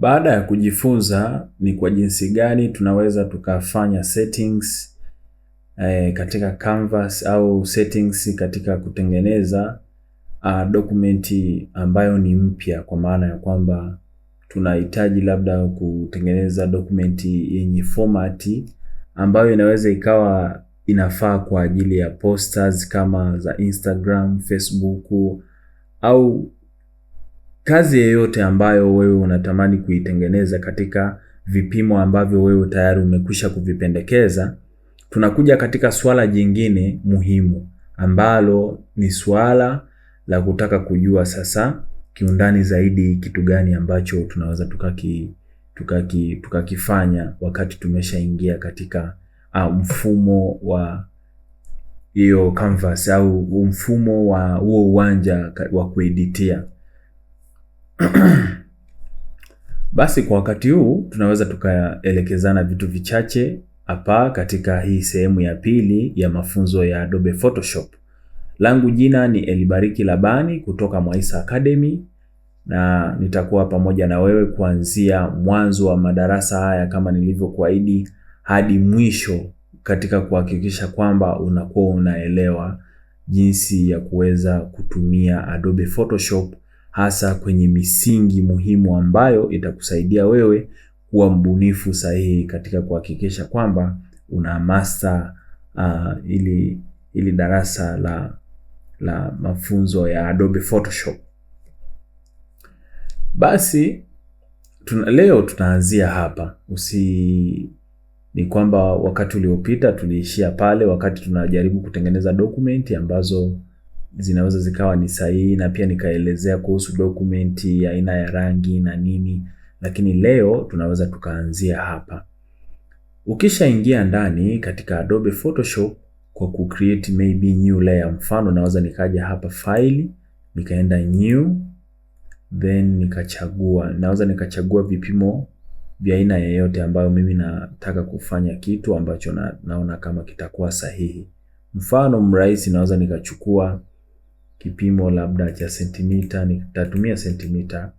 Baada ya kujifunza ni kwa jinsi gani tunaweza tukafanya settings eh, katika Canvas au settings katika kutengeneza uh, dokumenti ambayo ni mpya, kwa maana ya kwamba tunahitaji labda kutengeneza dokumenti yenye fomati ambayo inaweza ikawa inafaa kwa ajili ya posters kama za Instagram, Facebook au Kazi yeyote ambayo wewe unatamani kuitengeneza katika vipimo ambavyo wewe tayari umekwisha kuvipendekeza, tunakuja katika swala jingine muhimu ambalo ni swala la kutaka kujua sasa kiundani zaidi kitu gani ambacho tunaweza tukaki tukaki tukakifanya wakati tumeshaingia katika uh, mfumo wa hiyo canvas au mfumo wa huo uwanja wa kueditia. Basi kwa wakati huu tunaweza tukaelekezana vitu vichache hapa katika hii sehemu ya pili ya mafunzo ya Adobe Photoshop. Langu jina ni Elibariki Labani kutoka Mwaisa Academy na nitakuwa pamoja na wewe kuanzia mwanzo wa madarasa haya kama nilivyokuahidi hadi mwisho katika kuhakikisha kwamba unakuwa unaelewa jinsi ya kuweza kutumia Adobe Photoshop hasa kwenye misingi muhimu ambayo itakusaidia wewe kuwa mbunifu sahihi katika kuhakikisha kwamba unahamasa uh, ah, ili, ili darasa la, la mafunzo ya Adobe Photoshop. Basi tuna, leo tunaanzia hapa. Usi ni kwamba wakati uliopita tuliishia pale wakati tunajaribu kutengeneza dokumenti ambazo zinaweza zikawa ni sahihi, na pia nikaelezea kuhusu dokumenti, aina ya rangi na nini, lakini leo tunaweza tukaanzia hapa. Ukishaingia ndani katika Adobe Photoshop kwa ku create maybe new layer, mfano naweza nikaja hapa file, nikaenda new, then nikachagua, naweza nikachagua vipimo vya aina yoyote ambayo mimi nataka kufanya kitu ambacho na, naona kama kitakuwa sahihi. Mfano mrahisi naweza nikachukua kipimo labda cha sentimita, nitatumia sentimita,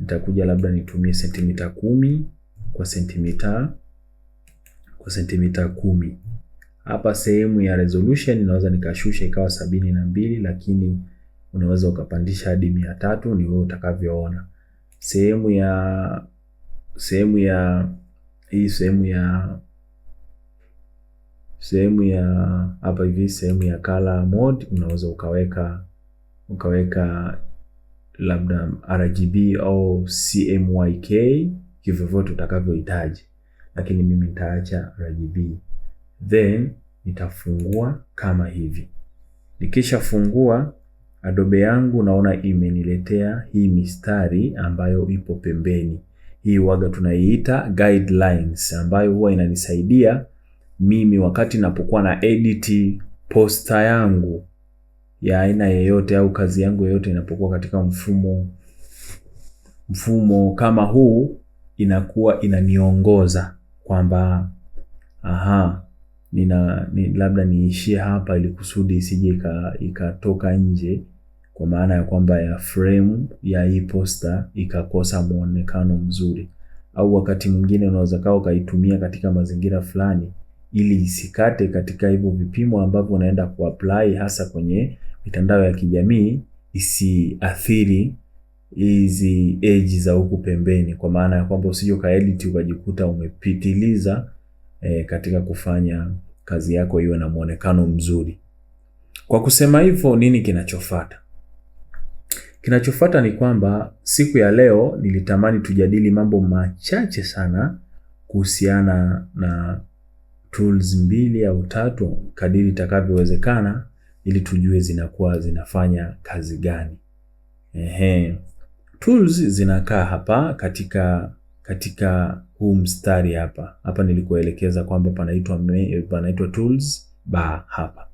nitakuja labda nitumie sentimita kumi kwa sentimita kwa sentimita kumi. Hapa sehemu ya resolution inaweza nikashusha ikawa sabini na mbili, lakini unaweza ukapandisha hadi mia tatu, ni wewe utakavyoona. Sehemu ya sehemu ya hii sehemu ya sehemu ya hapa hivi, sehemu ya color mode unaweza ukaweka ukaweka labda RGB au CMYK kivyovyote utakavyohitaji, lakini mimi nitaacha RGB, then nitafungua kama hivi. Nikishafungua Adobe yangu, naona imeniletea hii mistari ambayo ipo pembeni. Hii waga tunaiita guidelines ambayo huwa inanisaidia mimi wakati napokuwa na edit posta yangu ya aina yeyote au kazi yangu yoyote inapokuwa katika mfumo mfumo kama huu inakuwa inaniongoza kwamba aha nina ni, labda niishie hapa ili kusudi isije ikatoka nje kwa maana ya kwamba ya frame ya hii posta ikakosa muonekano mzuri au wakati mwingine unaweza kaa ukaitumia katika mazingira fulani ili isikate katika hivyo vipimo ambavyo unaenda kuapply hasa kwenye mitandao ya kijamii, isiathiri hizi age za huku pembeni, kwa maana ya kwamba usije ukaedit ukajikuta umepitiliza e, katika kufanya kazi yako iwe na mwonekano mzuri. Kwa kusema hivyo, nini kinachofata? Kinachofata ni kwamba siku ya leo nilitamani tujadili mambo machache sana kuhusiana na tools mbili au tatu kadiri itakavyowezekana, ili tujue zinakuwa zinafanya kazi gani. Ehe, tools zinakaa hapa katika katika huu mstari hapa hapa nilikuelekeza kwamba panaitwa panaitwa tools bar hapa,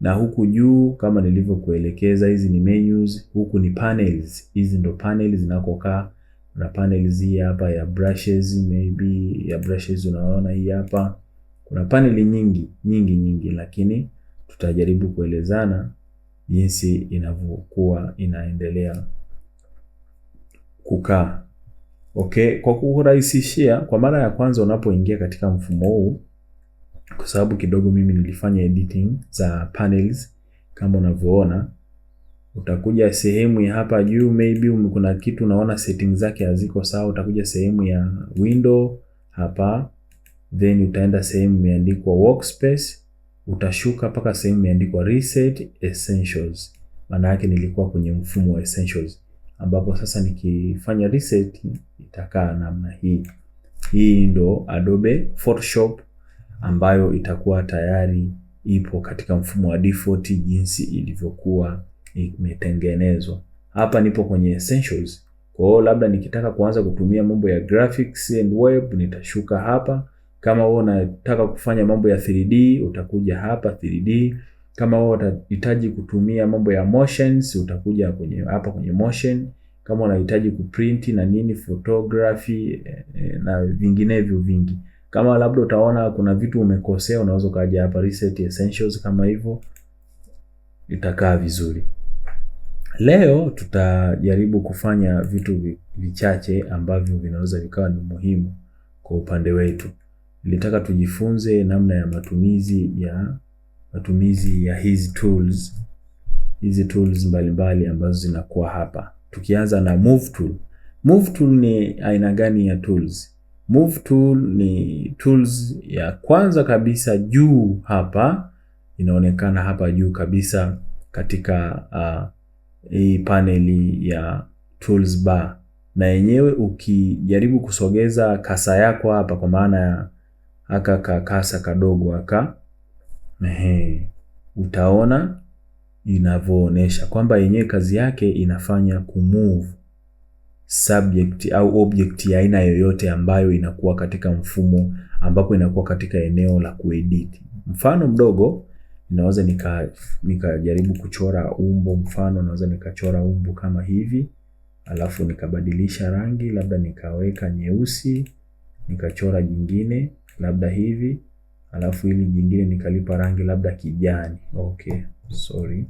na huku juu kama nilivyokuelekeza, hizi ni menus, huku ni panels. Hizi ndo panels zinakokaa na panels hii hapa ya brushes, maybe ya brushes unaona hii hapa kuna paneli nyingi nyingi nyingi, lakini tutajaribu kuelezana jinsi inavyokuwa inaendelea kukaa. Okay, kwa kurahisishia kwa mara ya kwanza unapoingia katika mfumo huu, kwa sababu kidogo mimi nilifanya editing za panels kama unavyoona, utakuja sehemu ya hapa juu, maybe kuna kitu unaona setting zake haziko sawa, utakuja sehemu ya window hapa then utaenda sehemu imeandikwa workspace, utashuka mpaka sehemu imeandikwa reset essentials. Maana yake nilikuwa kwenye mfumo wa essentials, ambapo sasa nikifanya reset itakaa namna hii. Hii ndo Adobe Photoshop ambayo itakuwa tayari ipo katika mfumo wa default jinsi ilivyokuwa imetengenezwa. Hapa nipo kwenye essentials. Kwa hiyo labda nikitaka kuanza kutumia mambo ya graphics and web nitashuka hapa kama wewe unataka kufanya mambo ya 3D utakuja hapa 3D. Kama wewe unahitaji kutumia mambo ya motions utakuja kwenye hapa kwenye motion. Kama unahitaji kuprint na nini photography eh, eh, na vinginevyo vingi. Kama labda utaona kuna vitu umekosea, unaweza ukaja hapa reset essentials, kama hivyo itakaa vizuri. Leo tutajaribu kufanya vitu vichache ambavyo vinaweza vikawa ni muhimu kwa upande wetu nilitaka tujifunze namna ya matumizi ya matumizi ya hizi tools hizi tools mbalimbali ambazo zinakuwa hapa, tukianza na move tool. Move tool ni aina gani ya tools? Move tool ni tools ya kwanza kabisa juu hapa, inaonekana hapa juu kabisa katika uh, hii paneli ya tools bar, na yenyewe ukijaribu kusogeza kasa yako hapa, kwa maana ya aka kakasa kadogo aka ehe, utaona inavyoonesha kwamba yenyewe kazi yake inafanya kumove subject au object ya aina yoyote ambayo inakuwa katika mfumo ambapo inakuwa katika eneo la kuedit. Mfano mdogo naweza nika nikajaribu kuchora umbo, mfano naweza nikachora umbo kama hivi, alafu nikabadilisha rangi, labda nikaweka nyeusi, nikachora jingine labda hivi alafu hili jingine nikalipa rangi labda kijani. Okay, sorry,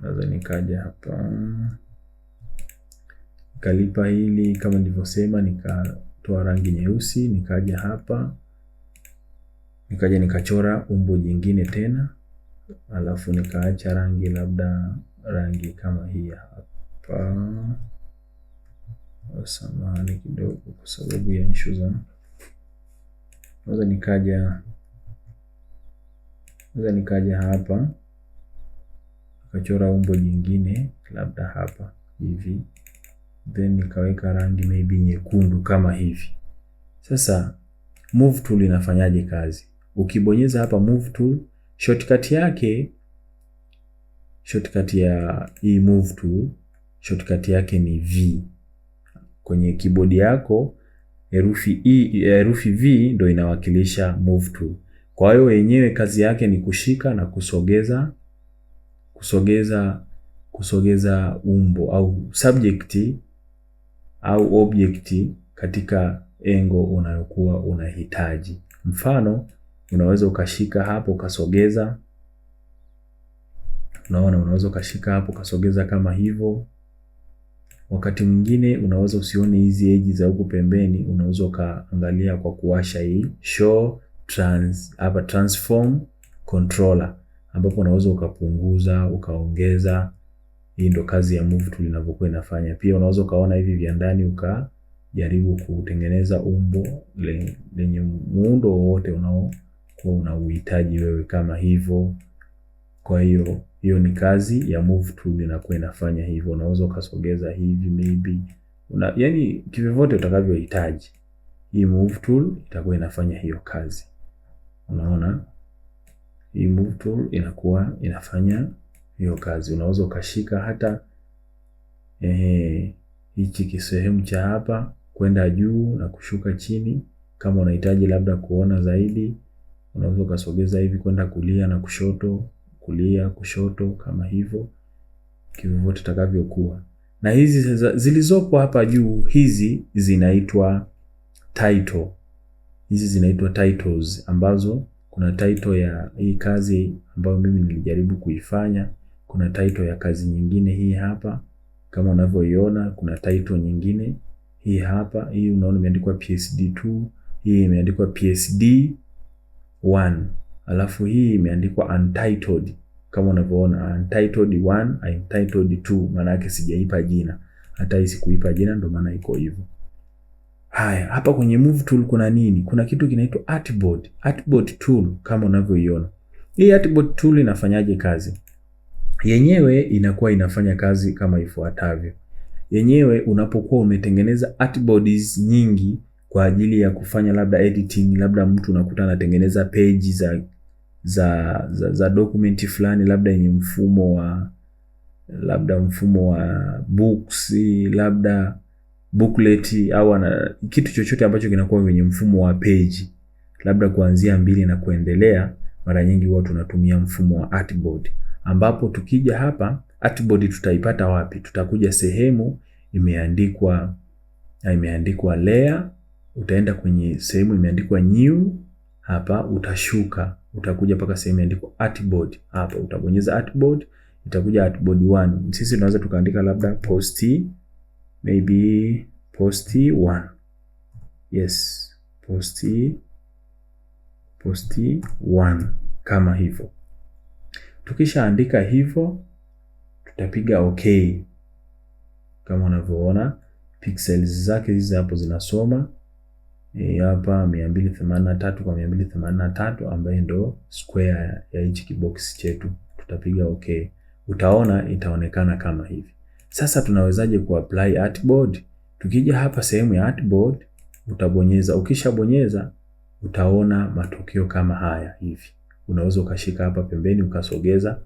naweza nikaja hapa nikalipa hili kama nilivyosema, nikatoa rangi nyeusi, nikaja hapa nikaja nikachora umbo jingine tena, alafu nikaacha rangi labda rangi kama hii hapa samahani kidogo, kwa sababu ya issue za naweza nikaja naweza nikaja hapa nikachora umbo jingine labda hapa hivi, then nikaweka rangi maybe nyekundu kama hivi. Sasa move tool inafanyaje kazi? Ukibonyeza hapa move tool, shortcut yake shortcut ya hii move tool shortcut yake ni V kwenye kibodi yako herufi E, herufi V ndo inawakilisha move to. Kwa hiyo yenyewe kazi yake ni kushika na kusogeza kusogeza kusogeza umbo au subject au object katika engo unayokuwa unahitaji. Mfano, unaweza ukashika hapo ukasogeza. Unaona, unaweza ukashika hapo ukasogeza kama hivyo. Wakati mwingine unaweza usione hizi eji za huku pembeni, unaweza ukaangalia kwa kuwasha hii show trans, hapa transform controller, ambapo unaweza ukapunguza ukaongeza. Hii ndo kazi ya move tool inavyokuwa inafanya. Pia unaweza ukaona hivi vya ndani ukajaribu kutengeneza umbo lenye muundo wowote unaokuwa unauhitaji wewe, kama hivyo. Kwa hiyo hiyo ni kazi ya move tool inakuwa inafanya hivyo. Unaweza ukasogeza hivi maybe una, yani kivyovyote utakavyohitaji, hii move tool itakuwa inafanya hiyo kazi. Unaona, hii move tool inakuwa inafanya hiyo kazi. Unaweza ukashika hata eh, hichi kisehemu cha hapa kwenda juu na kushuka chini. Kama unahitaji labda kuona zaidi, unaweza ukasogeza hivi kwenda kulia na kushoto kulia, kushoto, kama hivyo, kivyovyote itakavyokuwa. Na hizi zilizopo hapa juu, hizi zinaitwa title. Hizi zinaitwa titles ambazo kuna title ya hii kazi ambayo mimi nilijaribu kuifanya, kuna title ya kazi nyingine hii hapa kama unavyoiona, kuna title nyingine hii hapa. Hii unaona imeandikwa PSD2, hii imeandikwa PSD1 alafu hii imeandikwa untitled kama unavyoona untitled 1 untitled 2, maana yake sijaipa jina, hata hii sikuipa jina, ndio maana iko hivyo. Haya, hapa kwenye move tool kuna nini? Kuna kitu kinaitwa artboard, artboard tool kama unavyoiona. Hii artboard tool inafanyaje kazi? Yenyewe inakuwa inafanya kazi kama ifuatavyo. Yenyewe unapokuwa umetengeneza artboards nyingi kwa ajili ya kufanya labda editing, labda mtu unakuta anatengeneza page za za, za, za dokumenti fulani labda yenye mfumo wa labda mfumo wa books labda booklet au ana, kitu chochote ambacho kinakuwa kwenye mfumo wa page labda kuanzia mbili na kuendelea, mara nyingi huwa tunatumia mfumo wa artboard, ambapo tukija hapa artboard tutaipata wapi? Tutakuja sehemu imeandikwa imeandikwa layer, utaenda kwenye sehemu imeandikwa new hapa utashuka utakuja mpaka sehemu imeandikwa artboard. Hapa utabonyeza artboard, itakuja artboard 1. Sisi tunaweza tukaandika labda post maybe post 1. Yes, post post 1 kama hivyo. Tukishaandika hivyo tutapiga okay, kama unavyoona pixels zake hizi hapo zinasoma E, hapa e, 283 kwa 283 ambaye ndo square ya hichi kibox chetu, tutapiga okay. Utaona itaonekana kama hivi. Sasa tunawezaje apply artboard? Tukija hapa sehemu ya artboard utabonyeza, ukishabonyeza utaona matokeo kama haya hivi. Unaweza ukashika hapa pembeni ukasogeza,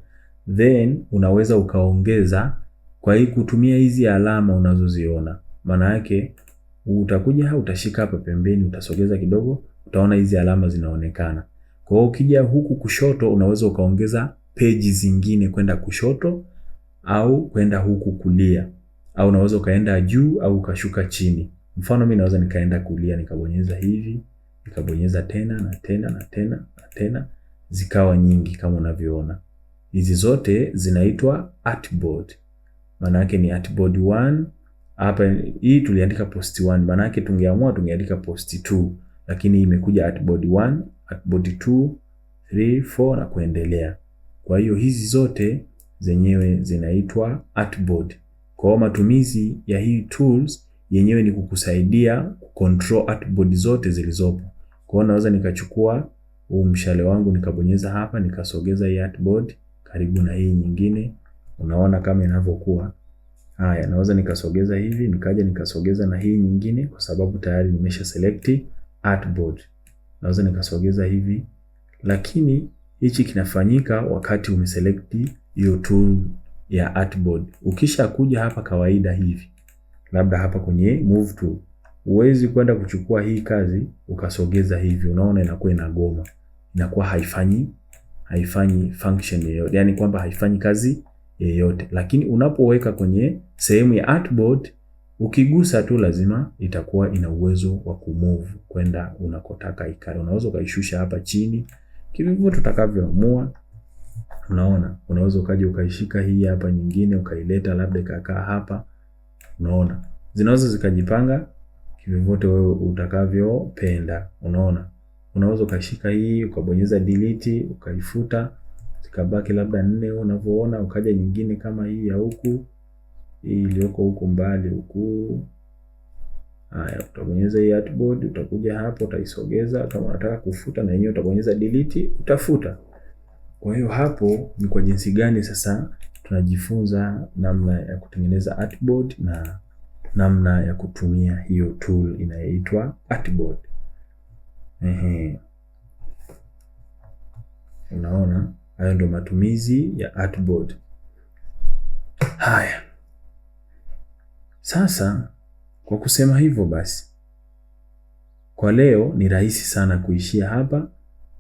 then unaweza ukaongeza kwa hii kutumia hizi alama unazoziona, maana yake utakuja utashika hapa pembeni, utasogeza kidogo, utaona hizi alama zinaonekana. Kwa hiyo ukija huku kushoto, unaweza ukaongeza peji zingine kwenda kushoto au kwenda huku kulia, au unaweza ukaenda juu au ukashuka chini. Mfano mimi naweza nikaenda kulia, nikabonyeza hivi, nikabonyeza tena na tena na tena na tena, zikawa nyingi kama unavyoona. Hizi zote zinaitwa artboard, maana yake ni artboard 1 hapa hii tuliandika post 1, maana yake tungeamua tungeandika post 2, lakini imekuja at body 1, at body 2, 3, 4 na kuendelea. Kwa hiyo hizi zote zenyewe zinaitwa at body. Kwa hiyo matumizi ya hii tools yenyewe ni kukusaidia kucontrol at body zote zilizopo. Kwa hiyo naweza nikachukua huu mshale wangu nikabonyeza hapa nikasogeza hii at body karibu na hii nyingine, unaona kama inavyokuwa. Haya, naweza nikasogeza hivi nikaja nikasogeza na hii nyingine, kwa sababu tayari nimesha select artboard. Naweza nikasogeza hivi, lakini hichi kinafanyika wakati umeselect hiyo tool ya artboard. Ukisha kuja hapa kawaida hivi, labda hapa kwenye move tool, huwezi kwenda kuchukua hii kazi ukasogeza hivi, unaona inakuwa inagoma, inakuwa haifanyi haifanyi function yoyote, yani kwamba haifanyi kazi yeyote, lakini unapoweka kwenye sehemu ya artboard, ukigusa tu lazima itakuwa ina uwezo wa kumove kwenda unakotaka ikale. Unaweza ukaishusha hapa chini kivivyo tutakavyoamua. Unaona, unaweza ukaja ukaishika hii hapa nyingine ukaileta labda ikakaa hapa. Unaona, zinaweza zikajipanga kivyovyote wewe utakavyopenda. Unaona, unaweza ukashika hii ukabonyeza delete ukaifuta zikabaki labda nne unavyoona, ukaja nyingine kama hii ya huku, hii iliyoko huku mbali huku. Haya, utabonyeza hii artboard, utakuja hapo utaisogeza. Kama unataka kufuta na yenyewe utabonyeza delete, utafuta. Kwa hiyo hapo ni kwa jinsi gani sasa tunajifunza namna ya kutengeneza artboard na namna ya kutumia hiyo tool inayoitwa artboard. Ehe, unaona. Hayo ndo matumizi ya artboard. Haya, sasa kwa kusema hivyo basi, kwa leo ni rahisi sana kuishia hapa,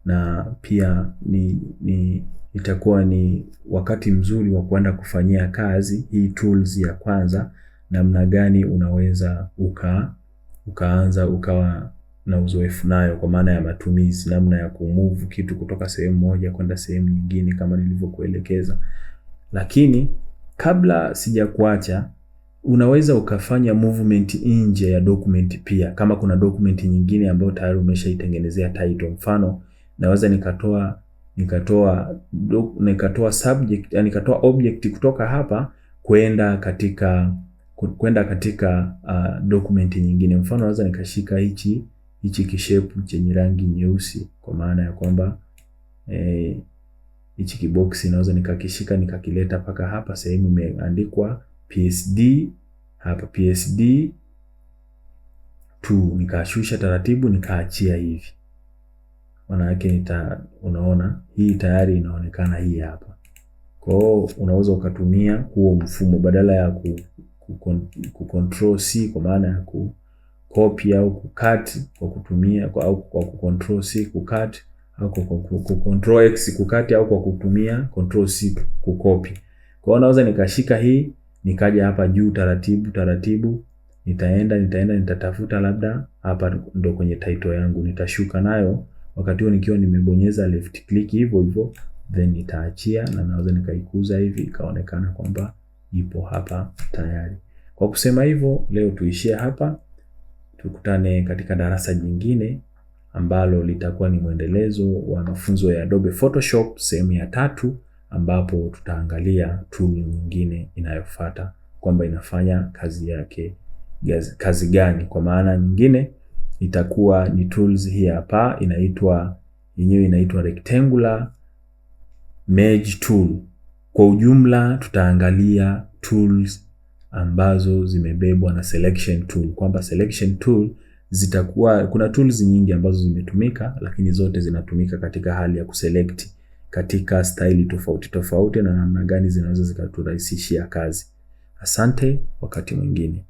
na pia ni, ni itakuwa ni wakati mzuri wa kuenda kufanyia kazi hii tools ya kwanza, namna gani unaweza uka, ukaanza ukawa na uzoefu nayo, kwa maana ya matumizi, namna ya kumove kitu kutoka sehemu moja kwenda sehemu nyingine kama nilivyokuelekeza. Lakini kabla sijakuacha, unaweza ukafanya movement nje ya document pia, kama kuna document nyingine ambayo tayari umeshaitengenezea title. Mfano, naweza nikatoa nikatoa nikatoa subject, yani nikatoa object kutoka hapa kwenda katika kwenda katika uh, document nyingine. Mfano, naweza nikashika hichi hichi kishepu chenye rangi nyeusi, kwa maana ya kwamba eh, hichi kiboksi naweza nikakishika nikakileta mpaka hapa sehemu imeandikwa PSD hapa PSD 2 nikashusha taratibu nikaachia hivi, maana nita, unaona hii tayari inaonekana hii hapa. Kwa hiyo unaweza ukatumia huo mfumo badala ya ku, ku, ku, ku control C kwa maana ya ku kucopy au kucut kwa kutumia kwa, au kwa kucontrol C kucut au kwa kucontrol X kucut au kwa kutumia control C kukopi. Kwa hiyo naweza nikashika hii nikaja hapa juu taratibu taratibu, nitaenda nitaenda nitatafuta, labda hapa ndo kwenye title yangu nitashuka nayo, wakati huo nikiwa nimebonyeza left click hivyo hivyo, then nitaachia na naweza nikaikuza hivi ikaonekana kwamba ipo hapa tayari. Kwa kusema hivyo, leo tuishie hapa tukutane katika darasa jingine ambalo litakuwa ni mwendelezo wa mafunzo ya Adobe Photoshop sehemu ya tatu, ambapo tutaangalia tool nyingine inayofuata kwamba inafanya kazi yake kazi gani. Kwa maana nyingine itakuwa ni tools hii hapa, inaitwa yenyewe inaitwa rectangular merge tool. Kwa ujumla tutaangalia tools ambazo zimebebwa na selection tool, kwamba selection tool zitakuwa kuna tools nyingi ambazo zimetumika, lakini zote zinatumika katika hali ya kuselect katika staili tofauti tofauti na namna gani zinaweza zikaturahisishia kazi. Asante, wakati mwingine.